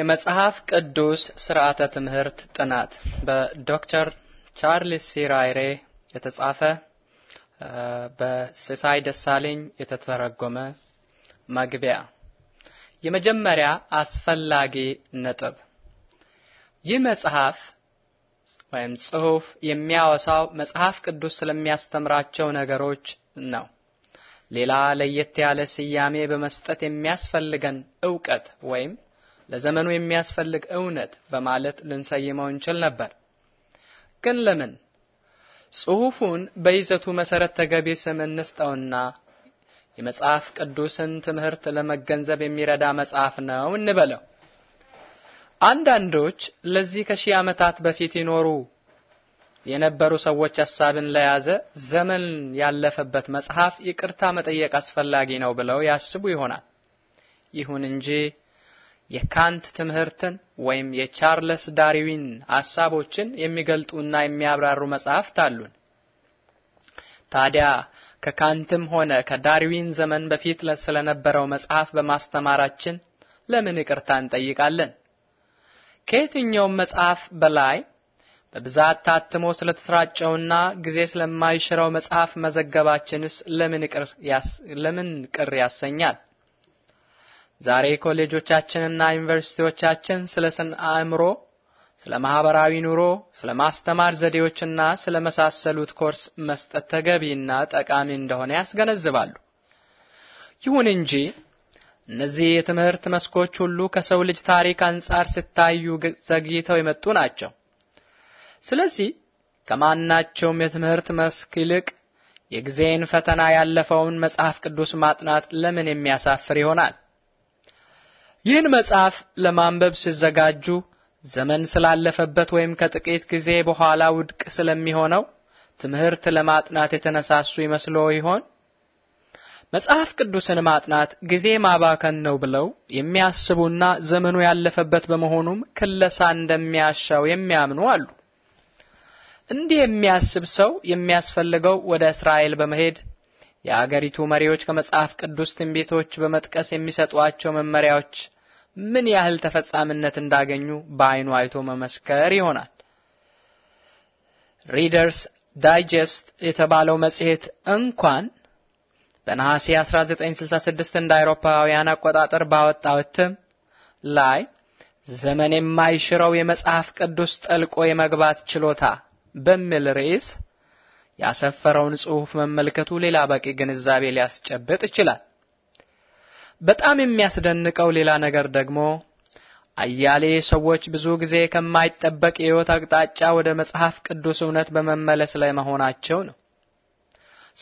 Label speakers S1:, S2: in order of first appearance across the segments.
S1: የመጽሐፍ ቅዱስ ስርዓተ ትምህርት ጥናት በዶክተር ቻርልስ ሲራይሬ የተጻፈ በሲሳይ ደሳለኝ የተተረጎመ መግቢያ። የመጀመሪያ አስፈላጊ ነጥብ ይህ መጽሐፍ ወይም ጽሑፍ የሚያወሳው መጽሐፍ ቅዱስ ስለሚያስተምራቸው ነገሮች ነው። ሌላ ለየት ያለ ስያሜ በመስጠት የሚያስፈልገን እውቀት ወይም ለዘመኑ የሚያስፈልግ እውነት በማለት ልንሰይመው እንችል ነበር። ግን ለምን ጽሑፉን በይዘቱ መሰረት ተገቢ ስም እንስጠውና የመጽሐፍ ቅዱስን ትምህርት ለመገንዘብ የሚረዳ መጽሐፍ ነው እንበለው? አንዳንዶች ለዚህ ከሺህ ዓመታት በፊት ይኖሩ የነበሩ ሰዎች ሐሳብን ለያዘ ዘመን ያለፈበት መጽሐፍ ይቅርታ መጠየቅ አስፈላጊ ነው ብለው ያስቡ ይሆናል። ይሁን እንጂ የካንት ትምህርትን ወይም የቻርለስ ዳርዊን ሐሳቦችን የሚገልጡና የሚያብራሩ መጽሐፍት አሉን። ታዲያ ከካንትም ሆነ ከዳርዊን ዘመን በፊት ስለነበረው መጽሐፍ በማስተማራችን ለምን ይቅርታ እንጠይቃለን? ከየትኛውም መጽሐፍ በላይ በብዛት ታትሞ ስለተሰራጨውና ጊዜ ስለማይሽረው መጽሐፍ መዘገባችንስ ለምን ቅር ያሰኛል? ዛሬ ኮሌጆቻችንና ዩኒቨርሲቲዎቻችን ስለ ስነ አእምሮ፣ ስለ ማህበራዊ ኑሮ፣ ስለ ማስተማር ዘዴዎችና ስለ መሳሰሉት ኮርስ መስጠት ተገቢና ጠቃሚ እንደሆነ ያስገነዝባሉ። ይሁን እንጂ እነዚህ የትምህርት መስኮች ሁሉ ከሰው ልጅ ታሪክ አንጻር ሲታዩ ዘግይተው የመጡ ናቸው። ስለዚህ ከማናቸውም የትምህርት መስክ ይልቅ የጊዜን ፈተና ያለፈውን መጽሐፍ ቅዱስ ማጥናት ለምን የሚያሳፍር ይሆናል? ይህን መጽሐፍ ለማንበብ ሲዘጋጁ ዘመን ስላለፈበት ወይም ከጥቂት ጊዜ በኋላ ውድቅ ስለሚሆነው ትምህርት ለማጥናት የተነሳሱ ይመስሎ ይሆን? መጽሐፍ ቅዱስን ማጥናት ጊዜ ማባከን ነው ብለው የሚያስቡና ዘመኑ ያለፈበት በመሆኑም ክለሳ እንደሚያሻው የሚያምኑ አሉ። እንዲህ የሚያስብ ሰው የሚያስፈልገው ወደ እስራኤል በመሄድ የአገሪቱ መሪዎች ከመጽሐፍ ቅዱስ ትንቢቶች በመጥቀስ የሚሰጧቸው መመሪያዎች ምን ያህል ተፈጻሚነት እንዳገኙ በአይኑ አይቶ መመስከር ይሆናል። ሪደርስ ዳይጀስት የተባለው መጽሔት እንኳን በነሐሴ 1966 እንደ አውሮፓውያን አቆጣጠር ባወጣው እትም ላይ ዘመን የማይሽረው የመጽሐፍ ቅዱስ ጠልቆ የመግባት ችሎታ በሚል ርዕስ ያሰፈረውን ጽሑፍ መመልከቱ ሌላ በቂ ግንዛቤ ሊያስጨብጥ ይችላል። በጣም የሚያስደንቀው ሌላ ነገር ደግሞ አያሌ ሰዎች ብዙ ጊዜ ከማይጠበቅ የሕይወት አቅጣጫ ወደ መጽሐፍ ቅዱስ እውነት በመመለስ ላይ መሆናቸው ነው።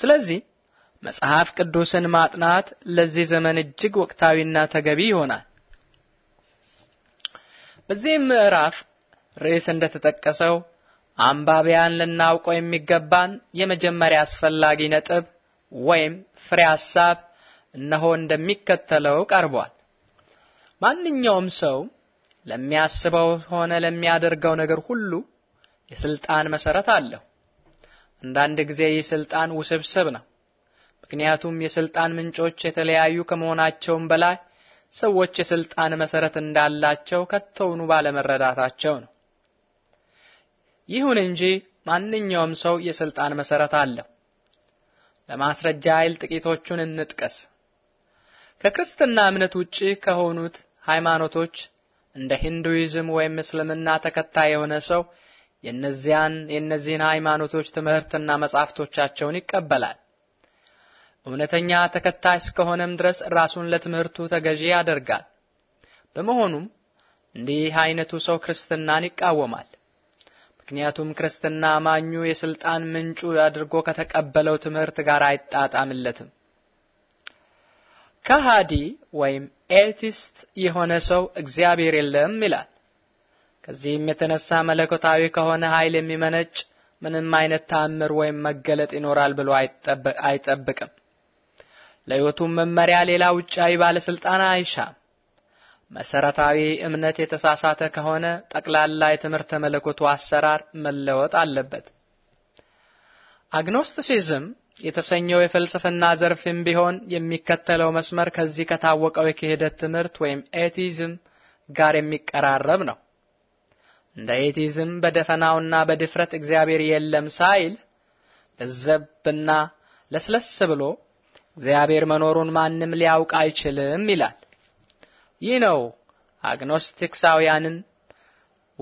S1: ስለዚህ መጽሐፍ ቅዱስን ማጥናት ለዚህ ዘመን እጅግ ወቅታዊና ተገቢ ይሆናል። በዚህም ምዕራፍ ርዕስ እንደተጠቀሰው አንባቢያን ልናውቀው የሚገባን የመጀመሪያ አስፈላጊ ነጥብ ወይም ፍሬ ሐሳብ እነሆ እንደሚከተለው ቀርቧል። ማንኛውም ሰው ለሚያስበው ሆነ ለሚያደርገው ነገር ሁሉ የስልጣን መሰረት አለው። አንዳንድ ጊዜ ይህ ስልጣን ውስብስብ ነው፣ ምክንያቱም የስልጣን ምንጮች የተለያዩ ከመሆናቸውም በላይ ሰዎች የስልጣን መሰረት እንዳላቸው ከቶውኑ ባለመረዳታቸው ነው። ይሁን እንጂ ማንኛውም ሰው የስልጣን መሰረት አለው። ለማስረጃ ኃይል ጥቂቶቹን እንጥቀስ። ከክርስትና እምነት ውጪ ከሆኑት ሃይማኖቶች እንደ ሂንዱይዝም ወይም እስልምና ተከታይ የሆነ ሰው የነዚያን የነዚህን ሃይማኖቶች ትምህርትና መጻሕፍቶቻቸውን ይቀበላል። እውነተኛ ተከታይ እስከሆነም ድረስ ራሱን ለትምህርቱ ተገዢ ያደርጋል። በመሆኑም እንዲህ አይነቱ ሰው ክርስትናን ይቃወማል። ምክንያቱም ክርስትና አማኙ የስልጣን ምንጩ አድርጎ ከተቀበለው ትምህርት ጋር አይጣጣምለትም። ከሃዲ ወይም ኤቲስት የሆነ ሰው እግዚአብሔር የለም ይላል። ከዚህም የተነሳ መለኮታዊ ከሆነ ኃይል የሚመነጭ ምንም አይነት ተአምር ወይም መገለጥ ይኖራል ብሎ አይጠብቅም። ለሕይወቱም መመሪያ ሌላ ውጫዊ ባለስልጣን አይሻም። መሰረታዊ እምነት የተሳሳተ ከሆነ ጠቅላላ የትምህርተ መለኮቱ አሰራር መለወጥ አለበት። አግኖስቲሲዝም የተሰኘው የፍልስፍና ዘርፍም ቢሆን የሚከተለው መስመር ከዚህ ከታወቀው የክህደት ትምህርት ወይም ኤቲዝም ጋር የሚቀራረብ ነው። እንደ ኤቲዝም በደፈናውና በድፍረት እግዚአብሔር የለም ሳይል ለዘብና ለስለስ ብሎ እግዚአብሔር መኖሩን ማንም ሊያውቅ አይችልም ይላል። ይህ ነው አግኖስቲክሳውያንን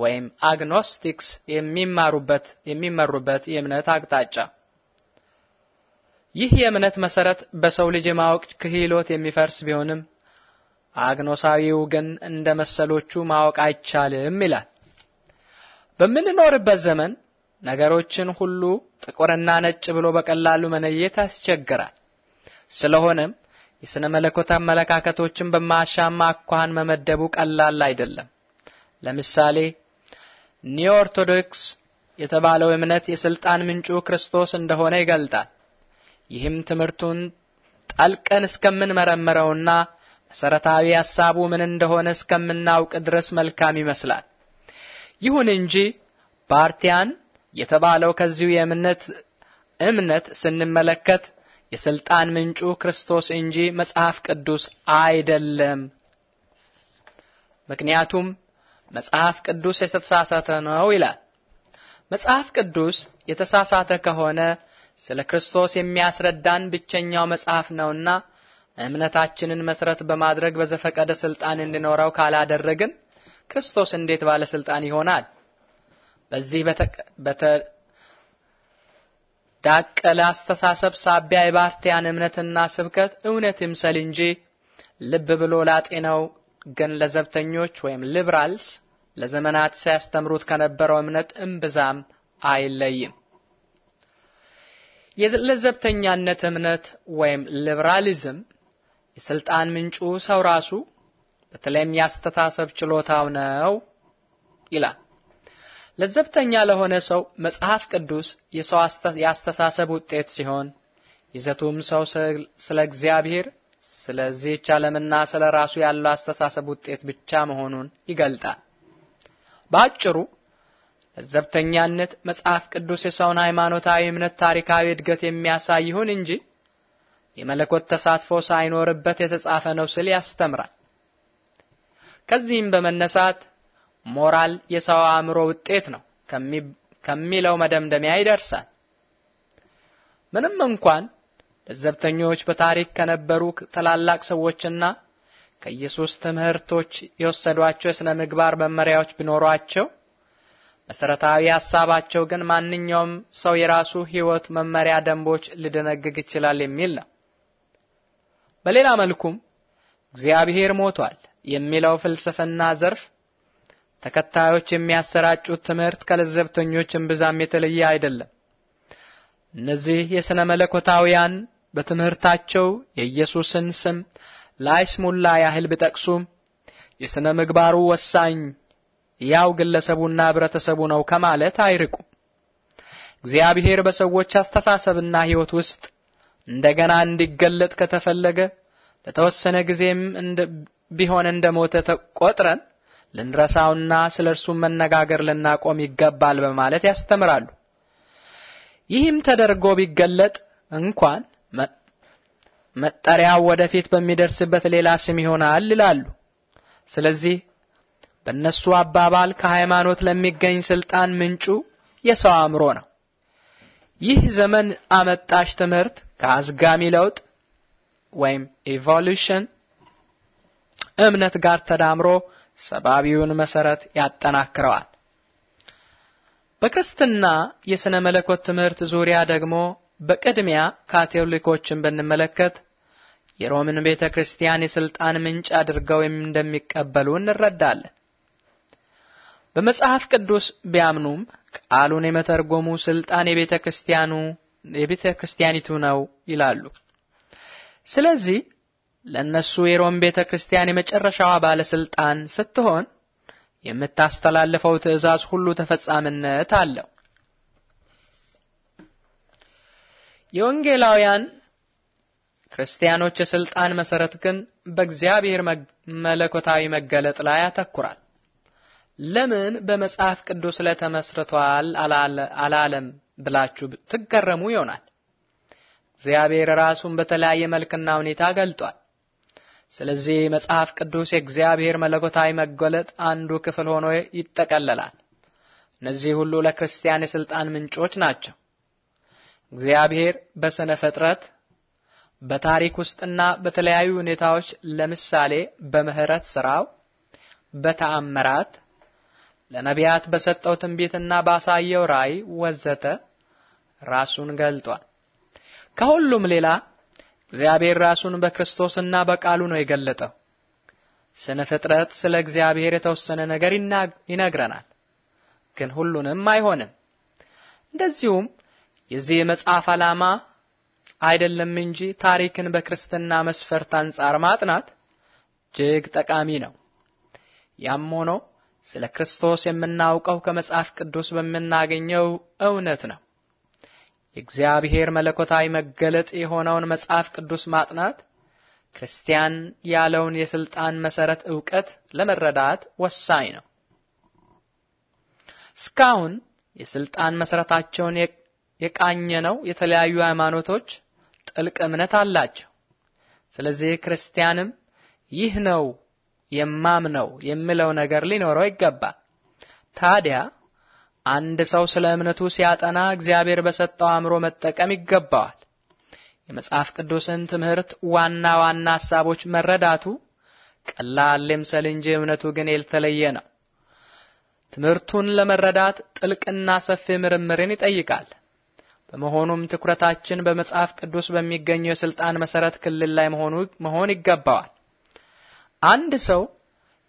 S1: ወይም አግኖስቲክስ የሚማሩበት የሚመሩበት የእምነት አቅጣጫ። ይህ የእምነት መሰረት በሰው ልጅ የማወቅ ክህሎት የሚፈርስ ቢሆንም አግኖሳዊው ግን እንደ መሰሎቹ ማወቅ አይቻልም ይላል። በምንኖርበት ዘመን ነገሮችን ሁሉ ጥቁርና ነጭ ብሎ በቀላሉ መነየት ያስቸግራል። ስለሆነም የሥነ መለኮት አመለካከቶችን በማያሻማ አኳኋን መመደቡ ቀላል አይደለም። ለምሳሌ ኒው ኦርቶዶክስ የተባለው እምነት የስልጣን ምንጩ ክርስቶስ እንደሆነ ይገልጣል። ይህም ትምህርቱን ጠልቀን እስከምንመረምረውና መሰረታዊ ሐሳቡ ምን እንደሆነ እስከምናውቅ ድረስ መልካም ይመስላል። ይሁን እንጂ ባርቲያን የተባለው ከዚሁ የእምነት እምነት ስንመለከት የሥልጣን ምንጩ ክርስቶስ እንጂ መጽሐፍ ቅዱስ አይደለም። ምክንያቱም መጽሐፍ ቅዱስ የተሳሳተ ነው ይላል። መጽሐፍ ቅዱስ የተሳሳተ ከሆነ ስለ ክርስቶስ የሚያስረዳን ብቸኛው መጽሐፍ ነውና እምነታችንን መሰረት በማድረግ በዘፈቀደ ስልጣን እንዲኖረው ካላደረግን ክርስቶስ እንዴት ባለ ስልጣን ይሆናል? በዚህ በዳቀለ አስተሳሰብ ሳቢያ የባርቲያን እምነትና ስብከት እውነት ይምሰል እንጂ ልብ ብሎ ላጤነው ግን ለዘብተኞች ወይም ሊብራልስ ለዘመናት ሲያስተምሩት ከነበረው እምነት እምብዛም አይለይም። የለዘብተኛነት እምነት ወይም ሊብራሊዝም የስልጣን ምንጩ ሰው ራሱ በተለይም ያስተሳሰብ ችሎታው ነው ይላል። ለዘብተኛ ለሆነ ሰው መጽሐፍ ቅዱስ የሰው የአስተሳሰብ ውጤት ሲሆን ይዘቱም ሰው ስለ እግዚአብሔር ስለዚህች ዓለምና ስለ ራሱ ያለው አስተሳሰብ ውጤት ብቻ መሆኑን ይገልጣል። በአጭሩ ለዘብተኛነት መጽሐፍ ቅዱስ የሰውን ሃይማኖታዊ እምነት ታሪካዊ እድገት የሚያሳይ ይሁን እንጂ የመለኮት ተሳትፎ ሳይኖርበት የተጻፈ ነው ስል ያስተምራል። ከዚህም በመነሳት ሞራል የሰው አእምሮ ውጤት ነው ከሚለው መደምደሚያ ይደርሳል። ምንም እንኳን ለዘብተኞች በታሪክ ከነበሩ ትላላቅ ሰዎችና ከኢየሱስ ትምህርቶች የወሰዷቸው የሥነ ምግባር መመሪያዎች ቢኖሯቸው መሰረታዊ ሐሳባቸው ግን ማንኛውም ሰው የራሱ ሕይወት መመሪያ ደንቦች ሊደነግግ ይችላል የሚል ነው። በሌላ መልኩም እግዚአብሔር ሞቷል የሚለው ፍልስፍና ዘርፍ ተከታዮች የሚያሰራጩት ትምህርት ከለዘብተኞች እምብዛም የተለየ አይደለም። እነዚህ የሥነ መለኮታውያን በትምህርታቸው የኢየሱስን ስም ላይስሙላ ያህል ቢጠቅሱም የሥነ ምግባሩ ወሳኝ ያው ግለሰቡና ህብረተሰቡ ነው ከማለት አይርቁም። እግዚአብሔር በሰዎች አስተሳሰብና ሕይወት ውስጥ እንደገና እንዲገለጥ ከተፈለገ ለተወሰነ ጊዜም ቢሆን እንደሞተ ተቆጥረን ልንረሳውና ስለ እርሱ መነጋገር ልናቆም ይገባል በማለት ያስተምራሉ። ይህም ተደርጎ ቢገለጥ እንኳን መጠሪያው ወደፊት በሚደርስበት ሌላ ስም ይሆናል ይላሉ። ስለዚህ በእነሱ አባባል ከሃይማኖት ለሚገኝ ስልጣን ምንጩ የሰው አእምሮ ነው። ይህ ዘመን አመጣሽ ትምህርት ከአዝጋሚ ለውጥ ወይም ኢቮሉሽን እምነት ጋር ተዳምሮ ሰባቢውን መሰረት ያጠናክረዋል። በክርስትና የሥነ መለኮት ትምህርት ዙሪያ ደግሞ በቅድሚያ ካቶሊኮችን ብንመለከት የሮምን ቤተ ክርስቲያን የሥልጣን ምንጭ አድርገው እንደሚቀበሉ እንረዳለን። በመጽሐፍ ቅዱስ ቢያምኑም ቃሉን የመተርጎሙ ሥልጣን የቤተ ክርስቲያኑ የቤተ ክርስቲያኒቱ ነው ይላሉ። ስለዚህ ለእነሱ የሮም ቤተ ክርስቲያን የመጨረሻዋ ባለስልጣን ስትሆን የምታስተላልፈው ትእዛዝ ሁሉ ተፈጻሚነት አለው። የወንጌላውያን ክርስቲያኖች የስልጣን መሰረት ግን በእግዚአብሔር መለኮታዊ መገለጥ ላይ ያተኩራል። ለምን በመጽሐፍ ቅዱስ ለተመስርቷል አላለም ብላችሁ ትገረሙ ይሆናል። እግዚአብሔር ራሱን በተለያየ መልክና ሁኔታ ገልጧል። ስለዚህ መጽሐፍ ቅዱስ የእግዚአብሔር መለኮታዊ መገለጥ አንዱ ክፍል ሆኖ ይጠቀለላል። እነዚህ ሁሉ ለክርስቲያን የስልጣን ምንጮች ናቸው። እግዚአብሔር በሥነ ፍጥረት፣ በታሪክ ውስጥና በተለያዩ ሁኔታዎች ለምሳሌ በምህረት ስራው፣ በተአምራት፣ ለነቢያት በሰጠው ትንቢትና ባሳየው ራእይ ወዘተ ራሱን ገልጧል። ከሁሉም ሌላ እግዚአብሔር ራሱን በክርስቶስና በቃሉ ነው የገለጠው። ስነ ፍጥረት ስለ እግዚአብሔር የተወሰነ ነገር ይነግረናል፣ ግን ሁሉንም አይሆንም። እንደዚሁም የዚህ መጽሐፍ ዓላማ አይደለም እንጂ ታሪክን በክርስትና መስፈርት አንጻር ማጥናት እጅግ ጠቃሚ ነው። ያም ሆኖ ስለ ክርስቶስ የምናውቀው ከመጽሐፍ ቅዱስ በምናገኘው እውነት ነው። የእግዚአብሔር መለኮታዊ መገለጥ የሆነውን መጽሐፍ ቅዱስ ማጥናት ክርስቲያን ያለውን የስልጣን መሰረት እውቀት ለመረዳት ወሳኝ ነው። እስካሁን የስልጣን መሰረታቸውን ነው የተለያዩ ሃይማኖቶች ጥልቅ እምነት አላቸው። ስለዚህ ክርስቲያንም ይህ ነው የማምነው የሚለው ነገር ሊኖረው ይገባል። ታዲያ አንድ ሰው ስለ እምነቱ ሲያጠና እግዚአብሔር በሰጠው አእምሮ መጠቀም ይገባዋል። የመጽሐፍ ቅዱስን ትምህርት ዋና ዋና ሐሳቦች መረዳቱ ቀላል ይምሰል እንጂ እምነቱ ግን የተለየ ነው። ትምህርቱን ለመረዳት ጥልቅና ሰፊ ምርምርን ይጠይቃል። በመሆኑም ትኩረታችን በመጽሐፍ ቅዱስ በሚገኘው የስልጣን መሰረት ክልል ላይ መሆኑ መሆን ይገባዋል። አንድ ሰው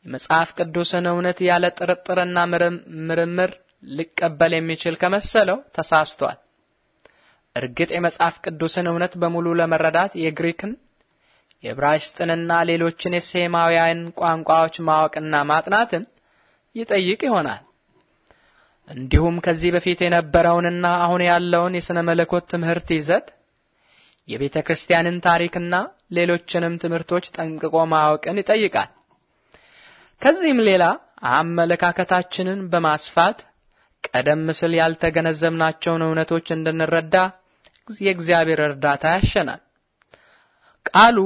S1: የመጽሐፍ ቅዱስን እውነት ያለ ጥርጥርና ምርምር ሊቀበል የሚችል ከመሰለው ተሳስቷል። እርግጥ የመጽሐፍ ቅዱስን እውነት በሙሉ ለመረዳት የግሪክን የዕብራይስጥንና ሌሎችን የሴማውያን ቋንቋዎች ማወቅና ማጥናትን ይጠይቅ ይሆናል። እንዲሁም ከዚህ በፊት የነበረውንና አሁን ያለውን የሥነ መለኮት ትምህርት ይዘት፣ የቤተ ክርስቲያንን ታሪክና ሌሎችንም ትምህርቶች ጠንቅቆ ማወቅን ይጠይቃል። ከዚህም ሌላ አመለካከታችንን በማስፋት ቀደም ሲል ያልተገነዘብናቸውን እውነቶች እንድንረዳ የእግዚአብሔር እርዳታ ያሸናል። ቃሉ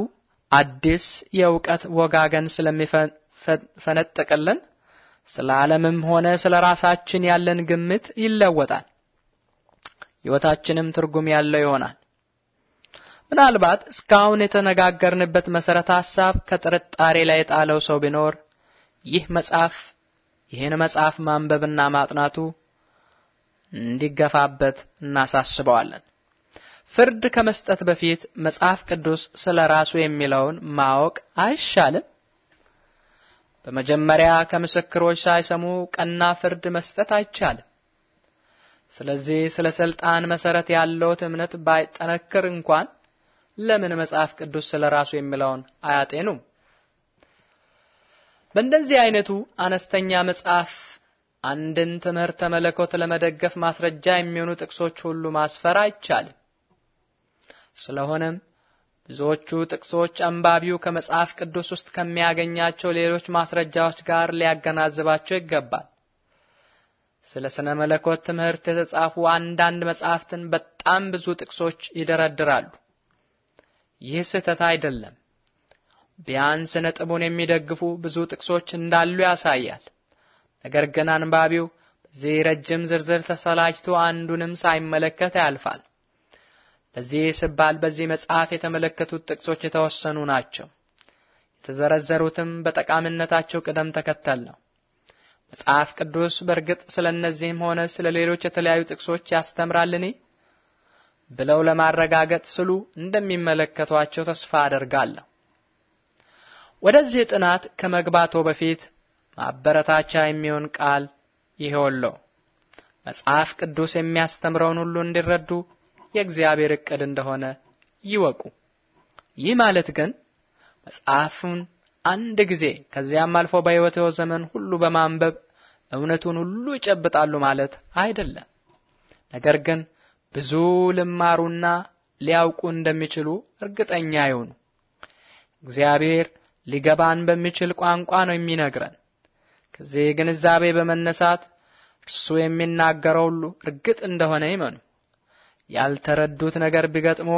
S1: አዲስ የእውቀት ወጋገን ስለሚፈነጥቅልን ስለ ዓለምም ሆነ ስለ ራሳችን ያለን ግምት ይለወጣል። ሕይወታችንም ትርጉም ያለው ይሆናል። ምናልባት እስካሁን የተነጋገርንበት መሰረተ ሐሳብ ከጥርጣሬ ላይ የጣለው ሰው ቢኖር ይህ መጽሐፍ ይህን መጽሐፍ ማንበብና ማጥናቱ እንዲገፋበት እናሳስበዋለን። ፍርድ ከመስጠት በፊት መጽሐፍ ቅዱስ ስለ ራሱ የሚለውን ማወቅ አይሻልም? በመጀመሪያ ከምስክሮች ሳይሰሙ ቀና ፍርድ መስጠት አይቻልም። ስለዚህ ስለ ስልጣን መሰረት ያለው እምነት ባይጠነክር እንኳን ለምን መጽሐፍ ቅዱስ ስለ ራሱ የሚለውን አያጤኑም? በእንደዚህ አይነቱ አነስተኛ መጽሐፍ አንድን ትምህርተ መለኮት ለመደገፍ ማስረጃ የሚሆኑ ጥቅሶች ሁሉ ማስፈር አይቻልም። ስለሆነም ብዙዎቹ ጥቅሶች አንባቢው ከመጽሐፍ ቅዱስ ውስጥ ከሚያገኛቸው ሌሎች ማስረጃዎች ጋር ሊያገናዝባቸው ይገባል። ስለ ስነ መለኮት ትምህርት የተጻፉ አንዳንድ መጽሐፍትን በጣም ብዙ ጥቅሶች ይደረድራሉ። ይህ ስህተት አይደለም። ቢያንስ ነጥቡን የሚደግፉ ብዙ ጥቅሶች እንዳሉ ያሳያል። ነገር ግን አንባቢው በዚህ ረጅም ዝርዝር ተሰላጅቶ አንዱንም ሳይመለከት ያልፋል። ለዚህ ስባል በዚህ መጽሐፍ የተመለከቱት ጥቅሶች የተወሰኑ ናቸው። የተዘረዘሩትም በጠቃሚነታቸው ቅደም ተከተል ነው። መጽሐፍ ቅዱስ በእርግጥ ስለ እነዚህም ሆነ ስለ ሌሎች የተለያዩ ጥቅሶች ያስተምራልን ብለው ለማረጋገጥ ስሉ እንደሚመለከቷቸው ተስፋ አደርጋለሁ። ወደዚህ ጥናት ከመግባቶ በፊት ማበረታቻ የሚሆን ቃል ይሄውለው። መጽሐፍ ቅዱስ የሚያስተምረውን ሁሉ እንዲረዱ የእግዚአብሔር እቅድ እንደሆነ ይወቁ። ይህ ማለት ግን መጽሐፉን አንድ ጊዜ ከዚያም አልፎ በሕይወትዎ ዘመን ሁሉ በማንበብ እውነቱን ሁሉ ይጨብጣሉ ማለት አይደለም። ነገር ግን ብዙ ልማሩና ሊያውቁ እንደሚችሉ እርግጠኛ ይሁኑ። እግዚአብሔር ሊገባን በሚችል ቋንቋ ነው የሚነግረን። ከዚህ ግንዛቤ በመነሳት እርሱ የሚናገረው ሁሉ እርግጥ እንደሆነ ይመኑ። ያልተረዱት ነገር ቢገጥሞ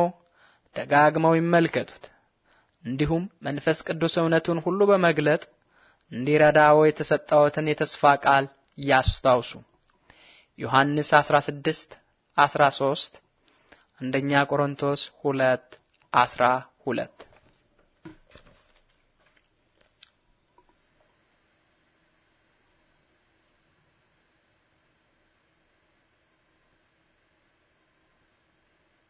S1: ደጋግመው ይመልከቱት። እንዲሁም መንፈስ ቅዱስ እውነቱን ሁሉ በመግለጥ እንዲረዳው የተሰጠውትን የተስፋ ቃል ያስታውሱ። ዮሐንስ 16 13 አንደኛ ቆሮንቶስ 2 12